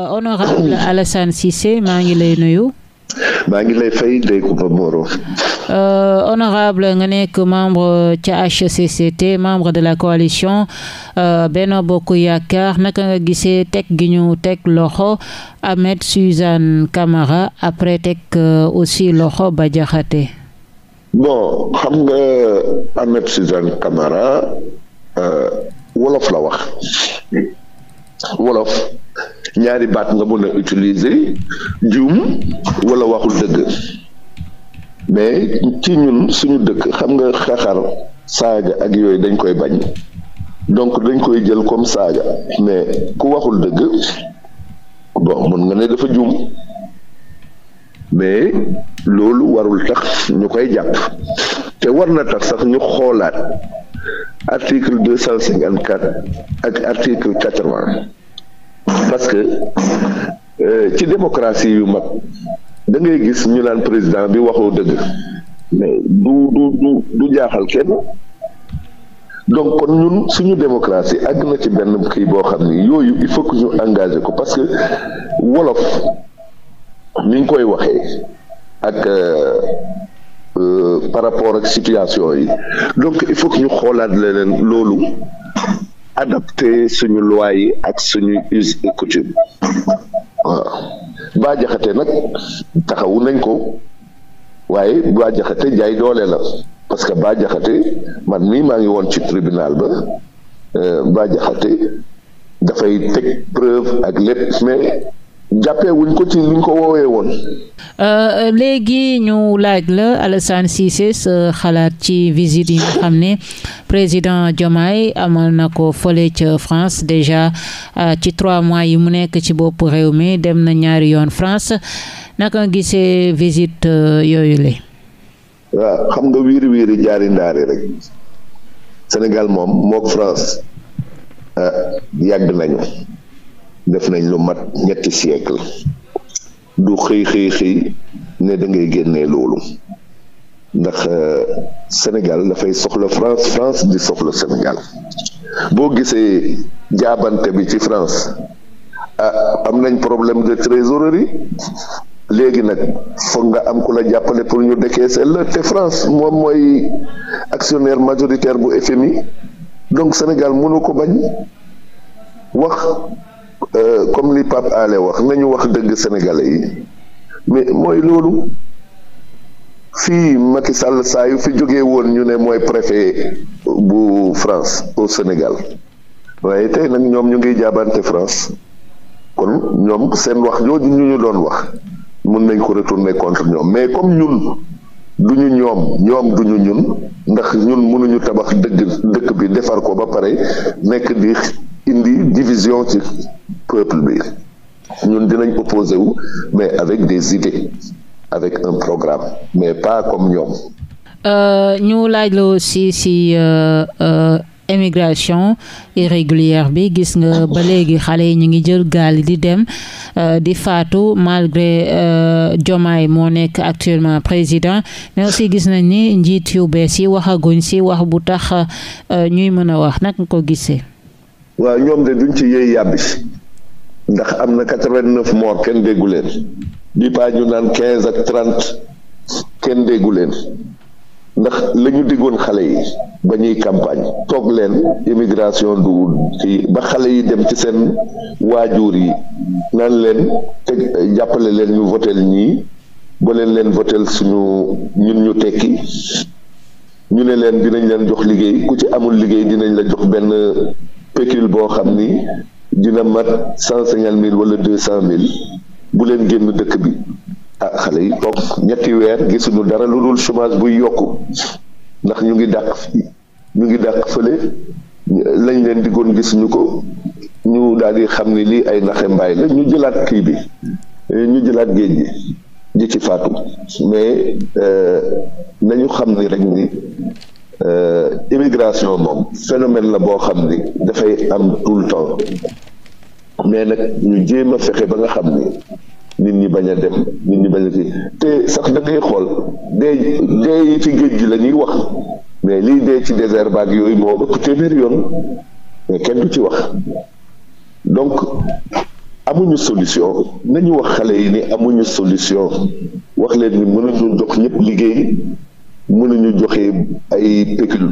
Euh, honorable Alassane Cissé maa ngi lay nuyu. maa ngi lay fay Ndeye Comba Moreau. honorable nga nekk membre ca HCCT membre de la coalition euh, benn Bokk Yaakaar naka nga gisee teg gi ñu teg loxo Ahmed Suzanne Camara après teg euh, aussi loxo Bah Diakhaté. bon xam nga Ahmed Suzanne Camara wolof la wax wolof. ñaari baat nga mën a utiliser juum wala waxul dëgg mais ci ñun suñu dëkk xam nga xaxar saaga ak yooyu dañ koy bañ donc dañ koy jël comme saaga mais ku waxul dëgg bon mën nga ne dafa juum mais loolu warul tax ñu koy jàpp te war na tax sax ñu xoolaat article deux cent cinquante quatre ak article quatre-vingt parce que euh, ci démocratie yu mag da ngay gis ñu laan président bi waxoo dëgg mais du du du jaaxal kenn donc kon ñun suñu démocratie àgg na ci benn kii boo xam ni yooyu il faut que ñu engagé ko parce que wolof ni nga koy waxee ak euh, euh, par rapport ak situation yi donc il faut que ñu xoolaat leen loolu adapté suñu loi yi ak suñu us et coutume waaw nag taxawu nañ ko waaye Bah Diakhaté jaay doole la parce que Bah Diakhaté man mii maa ngi woon ci tribunal ba euh, Bah Diakhaté dafay teg preuve ak lépp mais jàppee ko ci luñ ko woowee woon. Euh, euh, léegi ñu laaj la Alassane Cissé sa xalaat ci visite yi nga xam ne président Diomaye amal na ko fële ca France déjà euh, ci trois mois yi mu nekk ci bopp réew mi dem na ñaari yoon France naka nga gisee visite yooyu la. xam nga wiiri wiiri jaari ndaari rek Sénégal moom mook France yàgg nañu. def nañ lu mat ñetti siècle du xëy xëy xëy ne da ngay loolu ndax euh, Sénégal dafay soxla France France di soxla Sénégal boo gisee jaabante bi ci France ah am nañ problème de trésorerie léegi nag foog nga am ku la jàppale pour ñu décaisser la te France moom mooy actionnaire majoritaire bu FMI donc Sénégal mënu ko bañ wax. Euh, comme li Pape Alé wax nañu wax dëgg sénégalais yi mais mooy loolu fii Macky Sall saa yu fi jóge woon ñu ne mooy préfet bu France au Sénégal waaye tey nag ñoom ñu ngi jaabante France kon ñoom seen wax jooju ñu ñu doon wax mun nañ ko retourner contre ñoom mais comme ñun duñu ñoom ñoom duñu ñun ndax ñun mënuñu tabax dëgg dëkk bi defar ko ba pare nekk di division ci peuple bi ñun dinañ opposé mais avec des idées avec un programme mais pas comme ñoom euh, ñu laaj la aussi si euh, euh, émigration irrégulière bi gis nga ba léegi xale yi ñu ngi jël gaal di dem di faatu malgré Diomaye moo nekk actuellement président mais aussi gis nañ ni njiit yu bees yi waxaguñ si wax bu tax ñuy mën a wax nag nga ko gisee waaw ñoom de duñ ci yëy yàbbi ndax am na quatre-vingt-neuf morts kenn déggu leen bi paa ñu naan quinze ak trente kenn déggu leen ndax lañu ñu diggoon xale yi ba ñuy campagne toog leen immigration du kii ba xale yi dem ci seen waajur yi naan leen teg jàppale leen ñu votel ñii ba leen leen votel suñu ñun ñu tekki ñu ne leen dinañ leen jox liggéey ku ci amul liggéey dinañ la jox benn pécule boo xam ni dina mat cent cinquante mille wala deux cent mille bu leen génn dëkk bi ah xale yi toog ñetti weer gisuñu dara lu dul chômage buy yokk ndax ñu ngi dàq fii ñu ngi dàq fële lañ leen diggoon gisuñu ko ñu daal di xam ni lii ay naxe mbaay la ñu jëlaat kii bi ñu jëlaat géej gi ji ci faatu mais euh, nañu xam ni rek ni Euh, immigration moom phénomène la boo xam ni dafay am tout temps mais nag ñu jéem a fexe ba nga xam ni nit ñi bañ a dem nit ñi bañ a fi te sax da xool dee dee yi ci géej gi la ñuy wax mais lii dee ci désert baag yooyu moo ëpp téeméer yoon mais kenn du ci wax donc amuñu solution nañu wax xale yi ni amuñu solution wax leen ni mënuñu jox ñëpp liggéey mënuñu joxe ay pécule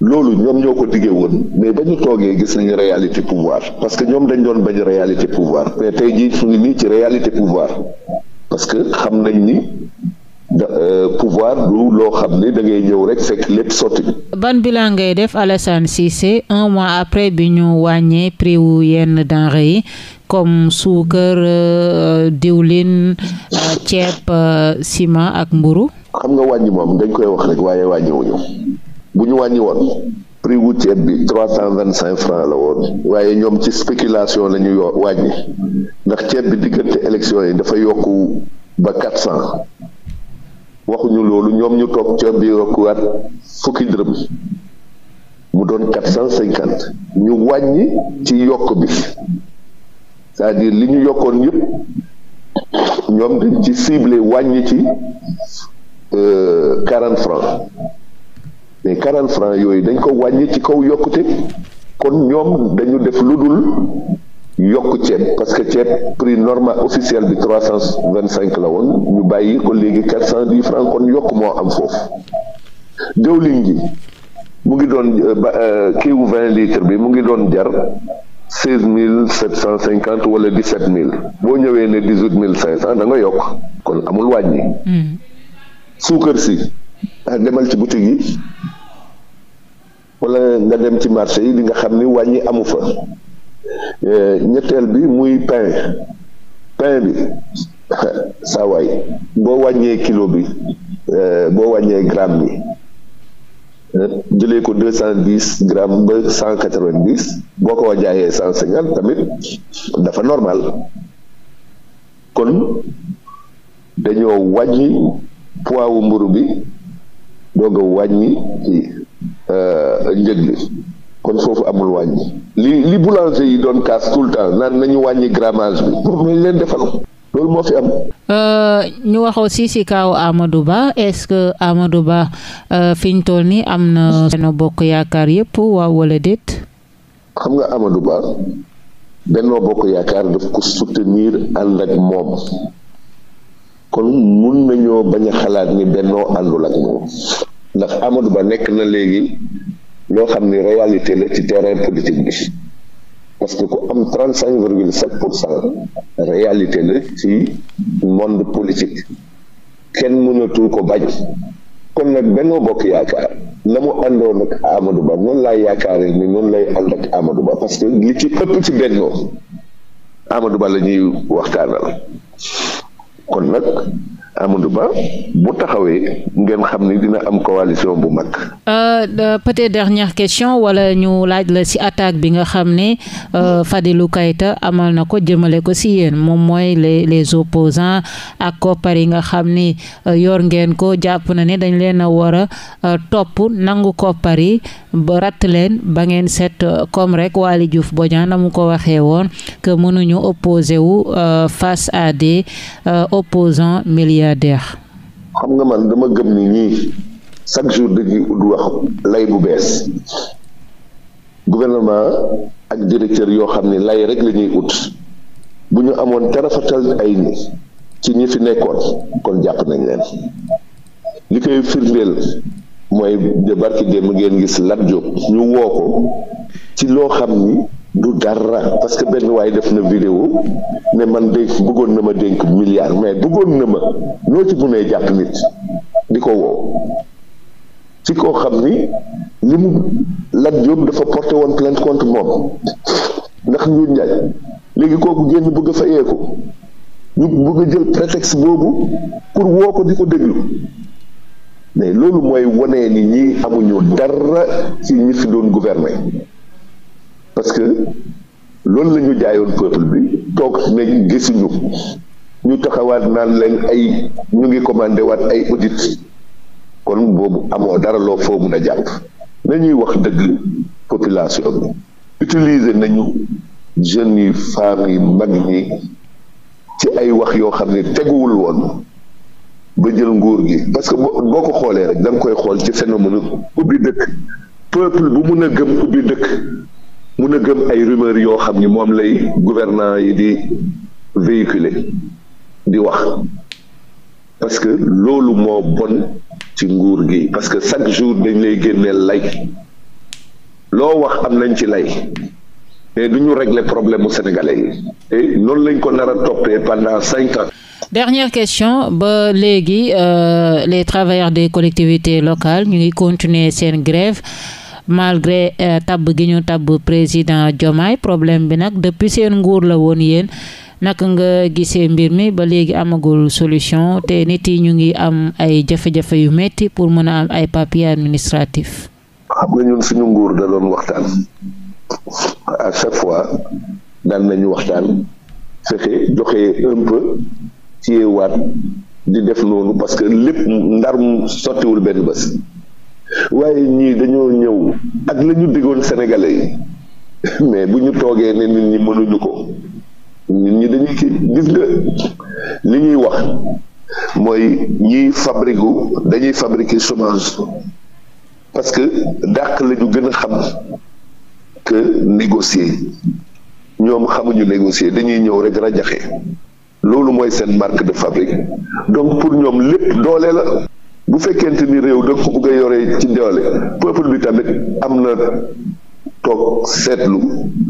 loolu ñoom ñoo ko diggee woon mais ba ñu toogee gis nañu réalité pouvoir parce que ñoom dañ doon bañ réalité pouvoir mais tey jii fu ngi nii ci réalité pouvoir parce que xam nañ ni da euh, pouvoir du loo xam ni da ngay ñëw rek fekk lépp sotti. ban bilan ngay def Alassane Cissé un mois après bi ñu wàññee prix wu yenn denrées yi. comme suukar euh, diwlin euh, ceeb euh, ciment ak mburu xam nga wàññi moom dañ koy wax rek waaye wàññiwuñu bu ñu wàññi woon prix wu ceeb bi trois cent vingt cinq francs la woon waaye ñoom ci spéculation la ñu wàññi ndax ceeb bi diggante élection yi dafa yokku ba quatre cent waxuñu loolu ñoom ñu toog ceeb bi yokkuwaat fukki dërëm mu doon quatre cent cinquante ñu wàññi ci yokk bi c'est-à-dire li ñu yokkoon yëpp ñoom dañ ci ciblé wàññi ci euh, quarante francs mais quarante francs yooyu dañ ko wàññi ci kaw yokkute kon ñoom dañu def lu dul yokk ceeb parce que ceeb prix normal officiel bi trois cent vingt cinq la woon ñu bàyyi ko léegi quatre cent dix francs kon yokk moo am foofu diwlin gi mu ngi doon euh, euh, kiiwu vingt litres bi mu ngi doon jar seize mille sept cent cinquante wala dix sept mille boo ñëwee ne dix huit mille cinq cent da yokk kon amul wàññi. Hmm. suukar si ah, demal ci boutique yi wala nga dem ci marché yi di nga xam ni wàññi amu fa eh, ñetteel bi muy pain pain bi saa boo wàññee kilo bi eh, boo wàññee gramme bi. jëlee ko deux cent dix gramme ba cent quatre vingt dix boo ko jaayee cent cinquante tamit dafa normal kon dañoo wàññi poids mburu bi doog a wàññi euh, njëg li kon foofu amul wàññi li li boulanger yi doon kaas tout le temps naan nañu wàññi grammage bi moom leen defal loolu moo fi am. Euh, ñu wax aussi si kaw Amadou Ba est-ce que Amadou Ba euh, fi ñu toll nii am na seen bokk yaakaar yëpp waaw walla déet. xam nga Amadou Ba Benno Bokk Yaakaar daf ko soutenir ànd ak moom kon mun nañoo bañ a xalaat ni Benno àndul ak moom ndax Amadou Ba nekk na léegi loo xam ni réalité la ci terrain politique bi. parce que ku am trente cinq virgule sept pour cent réalité la ci monde politique kenn mënatul ko bañ kon nag Benno Bokk Yaakaar na mu àndoon ak Amadou Ba noonu laa yaakaaree ni noonu lay ànd ak Amadou Ba parce li ci ëpp ci Benno Amadou Ba la ñuy waxtaanal kon nag Amadou Ba bu taxawee ngeen xam ni dina am coalition bu mag. Euh, peut question wala ñu laaj la ci attaque bi nga xam ne euh, Fadilou Keita amal na ko jëmale ko ci yéen moom mooy les les opposants ak koppar yi nga xam ni euh, yor ngeen ko jàpp na ne dañ leen a war a euh, topp nangu koppar ba ratt leen ba ngeen set comme euh, rek wali Diouf Bodian na mu ko waxee woon que mënuñu opposé wu face à des opposants milliardaire. xam nga man dama gëm ni ñii chaque jour dañuy ut wax lay bu bees gouvernement ak directeur yoo xam ni lay rek la ñuy ut bu ñu amoon tarafatal ay ci ñi fi nekkoon kon jàpp nañ leen li koy firndeel mooy de barki démb ngeen gis Lat ñu woo ko ci loo xam ni. du dara parce que benn waaye def na vidéo ne man de bëggoon na ma dénk milliard mais bëggoon na ma noo ci mënee jàpp nit di ko woo ci koo xam ni li mu Lat dafa porté woon plainte contre moom ndax ñu njaay léegi kooku génn bëgg a fayeeku ñu bëgg a jël prétexte boobu pour woo ko di ko déglu mais loolu mooy wonee ni ñi amuñu dara ci ñi fi doon gouverner parce que loolu lañu jaayoon peuple bi toog ne gisuñu ñu taxawaat naan lañ ay ñu ngi commandé waat ay audit kon boobu amoo dara loo foo mun a jàpp nañuy wax dëgg population bi utiliser nañu jeunes yi femmes yi mag ñi ci ay wax yoo xam ni teguwul woon ba jël nguur gi parce que boo ko xoolee rek da koy xool ci phénomène ubbi dëkk peuple bu mun a gëm ubbi dëkk mun a gëm ay rumeur yoo xam ni moom lay gouvernant yi di véhiculer di wax parce que loolu moo bon ci nguur gi parce que chaque jour dañ lay génneel lay loo wax am nañ ci lay mais du ñu régler problème mu sénégalais yi et lañ ko nar a toppee pendant cinq ans. dernière question ba léegi euh, les travailleurs des collectivités locale ñu ngi continuer seen grève. malgré euh, tabb gi ñu tabb président Diomaye problème bi nag depuis seen nguur la woon yéen naka nga gisee mbir mi ba léegi amagul solution te nit yi ñu ngi am ay jafe-jafe yu metti pour mën a am ay papier administratif xam nga ñun suñu nguur da doon waxtaan à chaque fois daan nañu waxtaan fexe joxe un peu ci waat di def noonu parce que lépp ndar mu sottiwul benn bés waaye ñii dañoo ñëw ak la ñu diggoon sénégalais yi mais bu ñu toogee ne nit ñi mënuñu ko nit ñi dañuy kii gis nga li ñuy wax mooy ñiy fabrique dañuy fabriquer chômage parce que dàq la ñu gën a xam que négocier ñoom xamuñu négocier dañuy ñëw rek jaxe loolu mooy seen marque de fabrique donc pour ñoom lépp doole la bu fekkente ni réew da ko yore ci ndewale peuple bi tamit am na toog seetlu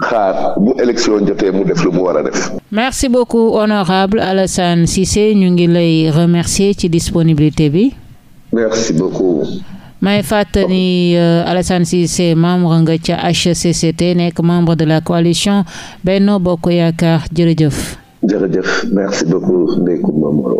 xaar bu élection jotee mu def lu mu war a def. merci beaucoup honorable Alassane Cissé ñu ngi lay remercier ci disponibilité bi. merci beaucoup. may fàttali euh, Alassane Cissé membre nga ca HCCT nekk membre de la coalition Benno Bokk Yaakaar jërëjëf. jërëjëf